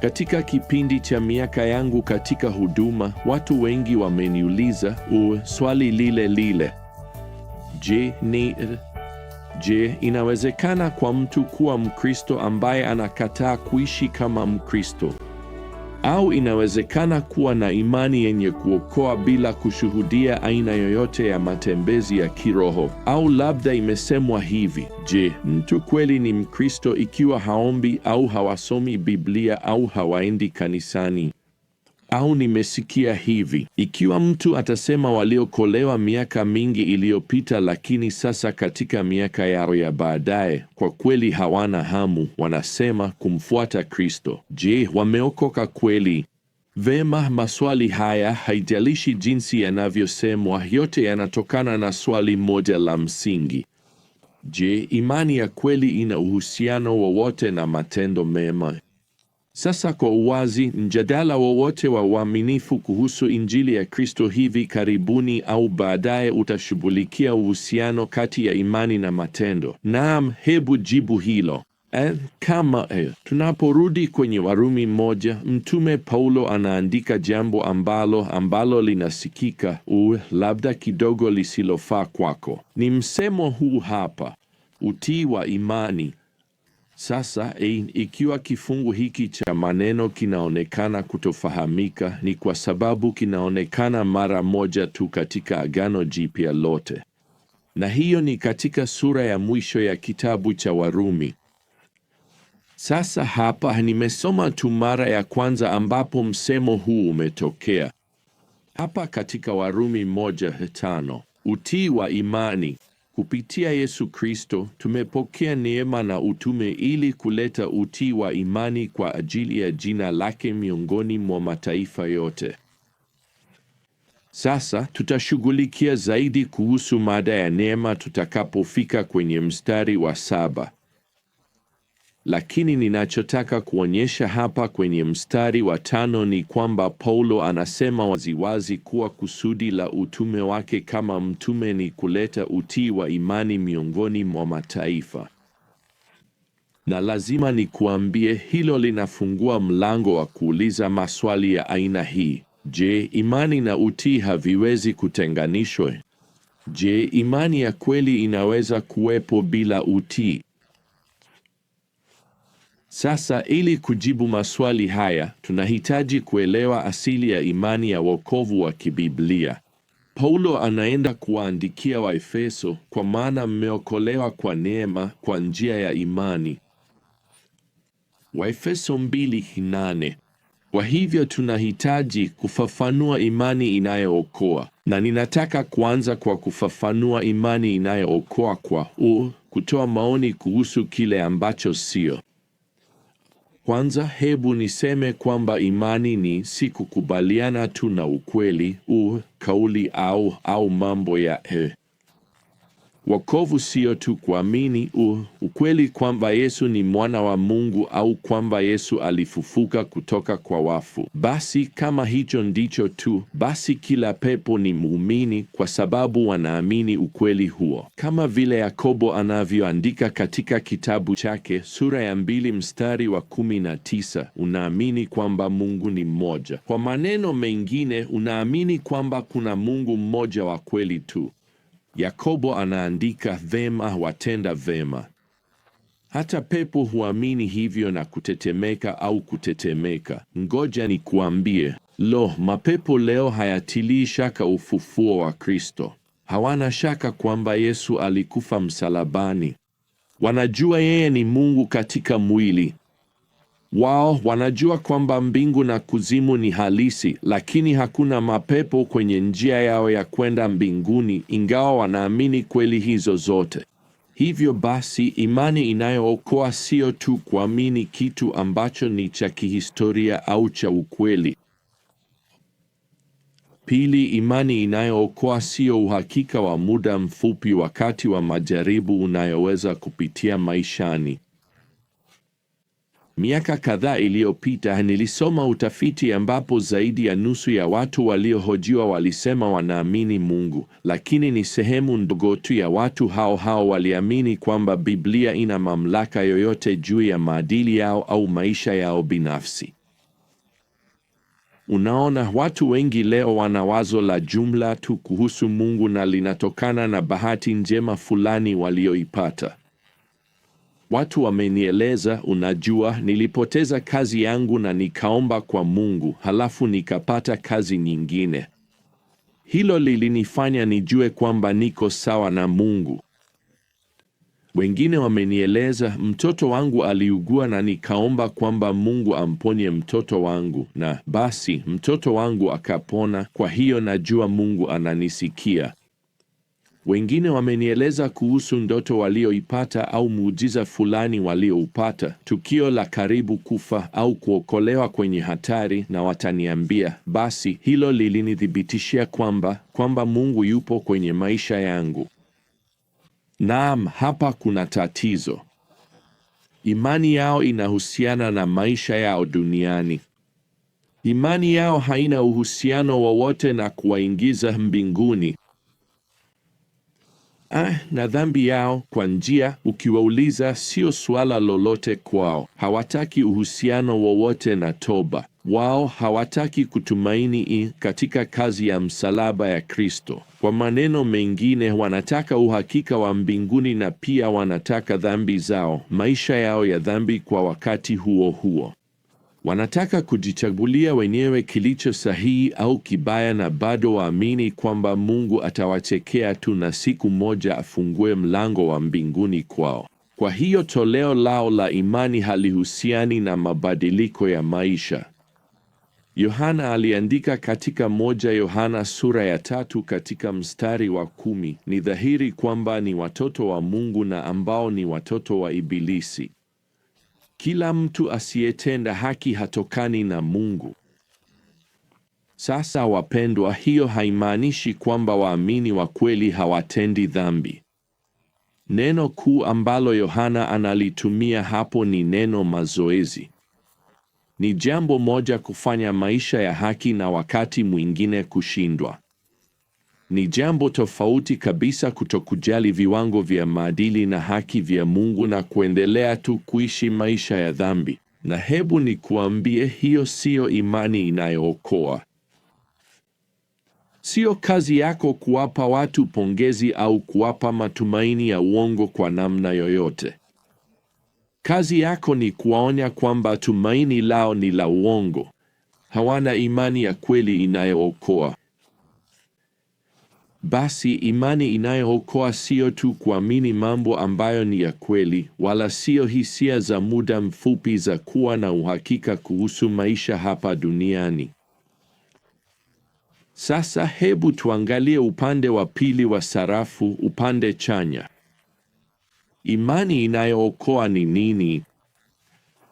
Katika kipindi cha miaka yangu katika huduma, watu wengi wameniuliza uwe swali lile lile. Je, ni je, inawezekana kwa mtu kuwa Mkristo ambaye anakataa kuishi kama Mkristo? Au inawezekana kuwa na imani yenye kuokoa bila kushuhudia aina yoyote ya matembezi ya kiroho. Au labda imesemwa hivi: Je, mtu kweli ni Mkristo ikiwa haombi au hawasomi Biblia au hawaendi kanisani? au nimesikia hivi. Ikiwa mtu atasema waliokolewa miaka mingi iliyopita, lakini sasa katika miaka yao ya baadaye kwa kweli hawana hamu, wanasema kumfuata Kristo, je, wameokoka kweli? Vema, maswali haya, haijalishi jinsi yanavyosemwa, yote yanatokana na swali moja la msingi: je, imani ya kweli ina uhusiano wowote na matendo mema? Sasa kwa uwazi, mjadala wowote wa uaminifu kuhusu Injili ya Kristo hivi karibuni au baadaye utashughulikia uhusiano kati ya imani na matendo. Naam, hebu jibu hilo. Eh, kama eh, tunaporudi kwenye Warumi moja, Mtume Paulo anaandika jambo ambalo ambalo linasikika u labda kidogo lisilofaa kwako. Ni msemo huu hapa: utii wa imani. Sasa ikiwa kifungu hiki cha maneno kinaonekana kutofahamika, ni kwa sababu kinaonekana mara moja tu katika Agano Jipya lote, na hiyo ni katika sura ya mwisho ya kitabu cha Warumi. Sasa hapa nimesoma tu mara ya kwanza ambapo msemo huu umetokea hapa katika Warumi moja tano utii wa imani Kupitia Yesu Kristo tumepokea neema na utume ili kuleta utii wa imani kwa ajili ya jina lake miongoni mwa mataifa yote. Sasa tutashughulikia zaidi kuhusu mada ya neema tutakapofika kwenye mstari wa saba. Lakini ninachotaka kuonyesha hapa kwenye mstari wa tano ni kwamba Paulo anasema waziwazi kuwa kusudi la utume wake kama mtume ni kuleta utii wa imani miongoni mwa mataifa. Na lazima nikuambie, hilo linafungua mlango wa kuuliza maswali ya aina hii. Je, imani na utii haviwezi kutenganishwa? Je, imani ya kweli inaweza kuwepo bila utii? Sasa ili kujibu maswali haya, tunahitaji kuelewa asili ya imani ya wokovu wa kibiblia. Paulo anaenda kuwaandikia Waefeso, kwa maana mmeokolewa kwa neema kwa njia ya imani. Waefeso 2:8. Kwa hivyo tunahitaji kufafanua imani inayookoa, na ninataka kuanza kwa kufafanua imani inayookoa kwa u kutoa maoni kuhusu kile ambacho sio kwanza hebu niseme kwamba imani ni si kukubaliana tu na ukweli u, kauli au au mambo ya eh, Wokovu sio tu kuamini ukweli kwamba Yesu ni mwana wa Mungu au kwamba Yesu alifufuka kutoka kwa wafu. Basi kama hicho ndicho tu, basi kila pepo ni muumini kwa sababu wanaamini ukweli huo, kama vile Yakobo anavyoandika katika kitabu chake sura ya mbili mstari wa kumi na tisa, unaamini kwamba Mungu ni mmoja. Kwa maneno mengine, unaamini kwamba kuna Mungu mmoja wa kweli tu. Yakobo anaandika vema watenda vema. Hata pepo huamini hivyo na kutetemeka au kutetemeka. Ngoja nikuambie, lo, mapepo leo hayatilii shaka ufufuo wa Kristo. Hawana shaka kwamba Yesu alikufa msalabani. Wanajua yeye ni Mungu katika mwili. Wao wanajua kwamba mbingu na kuzimu ni halisi, lakini hakuna mapepo kwenye njia yao ya kwenda mbinguni, ingawa wanaamini kweli hizo zote. Hivyo basi, imani inayookoa sio tu kuamini kitu ambacho ni cha kihistoria au cha ukweli. Pili, imani inayookoa sio uhakika wa muda mfupi wakati wa majaribu unayoweza kupitia maishani. Miaka kadhaa iliyopita nilisoma utafiti ambapo zaidi ya nusu ya watu waliohojiwa walisema wanaamini Mungu, lakini ni sehemu ndogo tu ya watu hao hao waliamini kwamba Biblia ina mamlaka yoyote juu ya maadili yao au maisha yao binafsi. Unaona, watu wengi leo wana wazo la jumla tu kuhusu Mungu na linatokana na bahati njema fulani walioipata. Watu wamenieleza, unajua, nilipoteza kazi yangu na nikaomba kwa Mungu, halafu nikapata kazi nyingine. Hilo lilinifanya nijue kwamba niko sawa na Mungu. Wengine wamenieleza, mtoto wangu aliugua na nikaomba kwamba Mungu amponye mtoto wangu, na basi mtoto wangu akapona. Kwa hiyo najua Mungu ananisikia. Wengine wamenieleza kuhusu ndoto walioipata au muujiza fulani walioupata, tukio la karibu kufa au kuokolewa kwenye hatari, na wataniambia, basi hilo lilinithibitishia kwamba kwamba Mungu yupo kwenye maisha yangu. Naam, hapa kuna tatizo. Imani yao inahusiana na maisha yao duniani. Imani yao haina uhusiano wowote na kuwaingiza mbinguni ah, na dhambi yao kwa njia, ukiwauliza sio suala lolote kwao. Hawataki uhusiano wowote na toba. Wao hawataki kutumaini i katika kazi ya msalaba ya Kristo. Kwa maneno mengine, wanataka uhakika wa mbinguni na pia wanataka dhambi zao, maisha yao ya dhambi kwa wakati huo huo. Wanataka kujichagulia wenyewe kilicho sahihi au kibaya, na bado waamini kwamba Mungu atawachekea tu na siku moja afungue mlango wa mbinguni kwao. Kwa hiyo toleo lao la imani halihusiani na mabadiliko ya maisha. Yohana aliandika katika moja Yohana sura ya tatu katika mstari wa kumi, ni dhahiri kwamba ni watoto wa Mungu na ambao ni watoto wa Ibilisi. Kila mtu asiyetenda haki hatokani na Mungu. Sasa wapendwa, hiyo haimaanishi kwamba waamini wa kweli hawatendi dhambi. Neno kuu ambalo Yohana analitumia hapo ni neno mazoezi. Ni jambo moja kufanya maisha ya haki na wakati mwingine kushindwa. Ni jambo tofauti kabisa kutokujali viwango vya maadili na haki vya Mungu na kuendelea tu kuishi maisha ya dhambi. Na hebu nikuambie, hiyo siyo imani inayookoa. Siyo kazi yako kuwapa watu pongezi au kuwapa matumaini ya uongo kwa namna yoyote. Kazi yako ni kuwaonya kwamba tumaini lao ni la uongo. Hawana imani ya kweli inayookoa. Basi imani inayookoa siyo tu kuamini mambo ambayo ni ya kweli, wala siyo hisia za muda mfupi za kuwa na uhakika kuhusu maisha hapa duniani. Sasa hebu tuangalie upande wa pili wa sarafu, upande chanya. Imani inayookoa ni nini?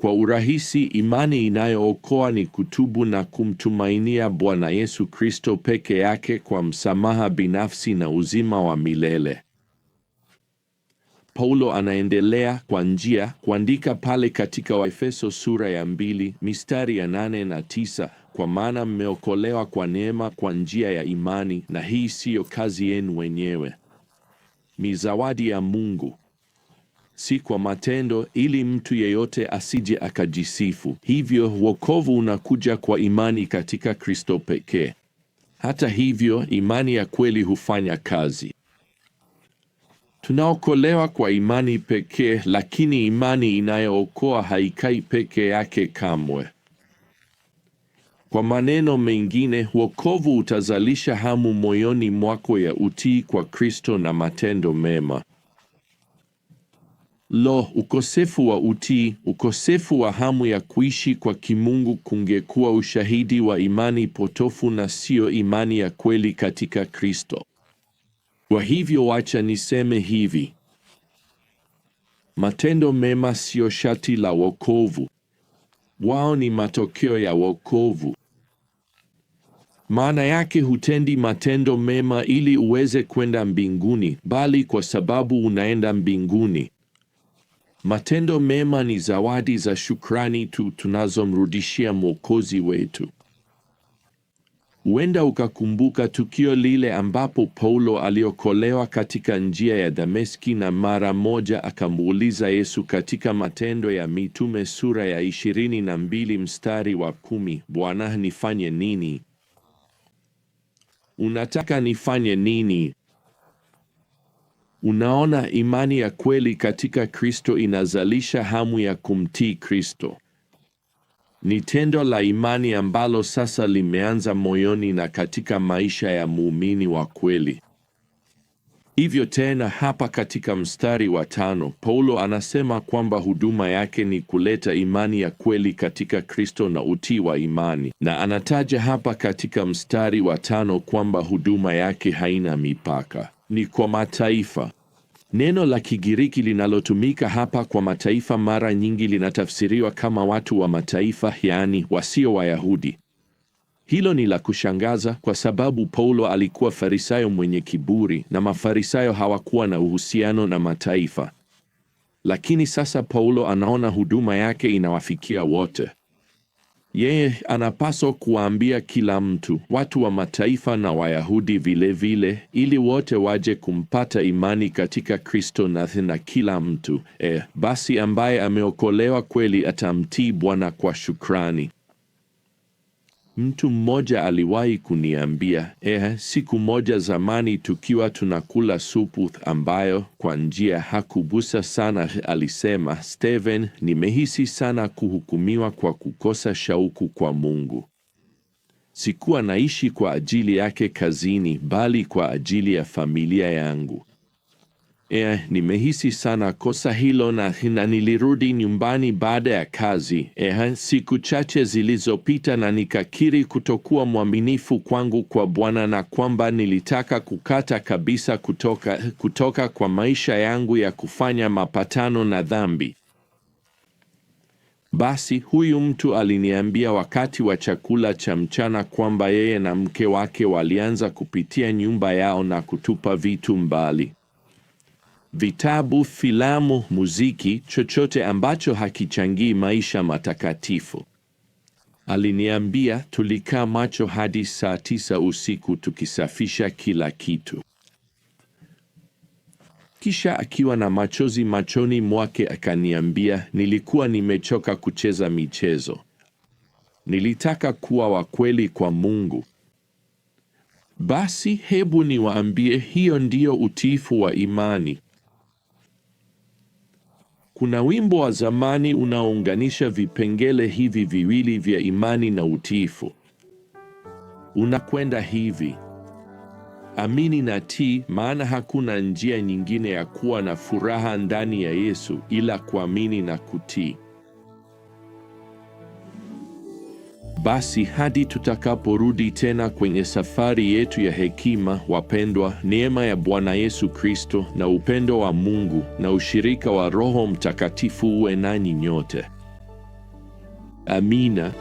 Kwa urahisi, imani inayookoa ni kutubu na kumtumainia Bwana Yesu Kristo peke yake kwa msamaha binafsi na uzima wa milele. Paulo anaendelea kwa njia kuandika pale katika Waefeso sura ya mbili mistari ya nane na tisa kwa maana mmeokolewa kwa neema kwa njia ya imani, na hii siyo kazi yenu wenyewe, ni zawadi ya Mungu, si kwa matendo, ili mtu yeyote asije akajisifu. Hivyo wokovu unakuja kwa imani katika Kristo pekee. Hata hivyo, imani ya kweli hufanya kazi. Tunaokolewa kwa imani pekee, lakini imani inayookoa haikai peke yake kamwe. Kwa maneno mengine, wokovu utazalisha hamu moyoni mwako ya utii kwa Kristo na matendo mema. Lo, ukosefu wa utii, ukosefu wa hamu ya kuishi kwa kimungu kungekuwa ushahidi wa imani potofu na siyo imani ya kweli katika Kristo. Kwa hivyo wacha niseme hivi: matendo mema siyo shati la wokovu, wao ni matokeo ya wokovu. Maana yake hutendi matendo mema ili uweze kwenda mbinguni, bali kwa sababu unaenda mbinguni. Matendo mema ni zawadi za shukrani tu tunazomrudishia Mwokozi wetu. Huenda ukakumbuka tukio lile ambapo Paulo aliokolewa katika njia ya Dameski na mara moja akamuuliza Yesu katika Matendo ya Mitume sura ya 22 mstari wa kumi, Bwana, nifanye nini? Unataka nifanye nini? Unaona, imani ya kweli katika Kristo inazalisha hamu ya kumtii Kristo. Ni tendo la imani ambalo sasa limeanza moyoni na katika maisha ya muumini wa kweli. Hivyo tena hapa katika mstari wa tano, Paulo anasema kwamba huduma yake ni kuleta imani ya kweli katika Kristo na utii wa imani, na anataja hapa katika mstari wa tano kwamba huduma yake haina mipaka ni kwa mataifa. Neno la Kigiriki linalotumika hapa kwa mataifa mara nyingi linatafsiriwa kama watu wa mataifa, yaani wasio Wayahudi. Hilo ni la kushangaza kwa sababu Paulo alikuwa Farisayo mwenye kiburi na Mafarisayo hawakuwa na uhusiano na mataifa. Lakini sasa Paulo anaona huduma yake inawafikia wote. Yeye anapaswa kuwaambia kila mtu, watu wa mataifa na Wayahudi vilevile, ili wote waje kumpata imani katika Kristo na na kila mtu e, basi ambaye ameokolewa kweli atamtii Bwana kwa shukrani. Mtu mmoja aliwahi kuniambia eh, siku moja zamani tukiwa tunakula supu ambayo kwa njia hakubusa sana, alisema Steven, nimehisi sana kuhukumiwa kwa kukosa shauku kwa Mungu. Sikuwa naishi kwa ajili yake kazini, bali kwa ajili ya familia yangu. E, nimehisi sana kosa hilo na, na nilirudi nyumbani baada ya kazi e, siku chache zilizopita na nikakiri kutokuwa mwaminifu kwangu kwa Bwana na kwamba nilitaka kukata kabisa kutoka, kutoka kwa maisha yangu ya kufanya mapatano na dhambi. Basi huyu mtu aliniambia wakati wa chakula cha mchana kwamba yeye na mke wake walianza kupitia nyumba yao na kutupa vitu mbali vitabu, filamu, muziki, chochote ambacho hakichangii maisha matakatifu. Aliniambia tulikaa macho hadi saa tisa usiku tukisafisha kila kitu. Kisha akiwa na machozi machoni mwake akaniambia, nilikuwa nimechoka kucheza michezo, nilitaka kuwa wa kweli kwa Mungu. Basi hebu niwaambie, hiyo ndiyo utiifu wa imani. Kuna wimbo wa zamani unaounganisha vipengele hivi viwili vya imani na utiifu. Unakwenda hivi: amini na tii, maana hakuna njia nyingine ya kuwa na furaha ndani ya Yesu ila kuamini na kutii. Basi hadi tutakaporudi tena kwenye safari yetu ya hekima, wapendwa, neema ya Bwana Yesu Kristo na upendo wa Mungu na ushirika wa Roho Mtakatifu uwe nanyi nyote. Amina.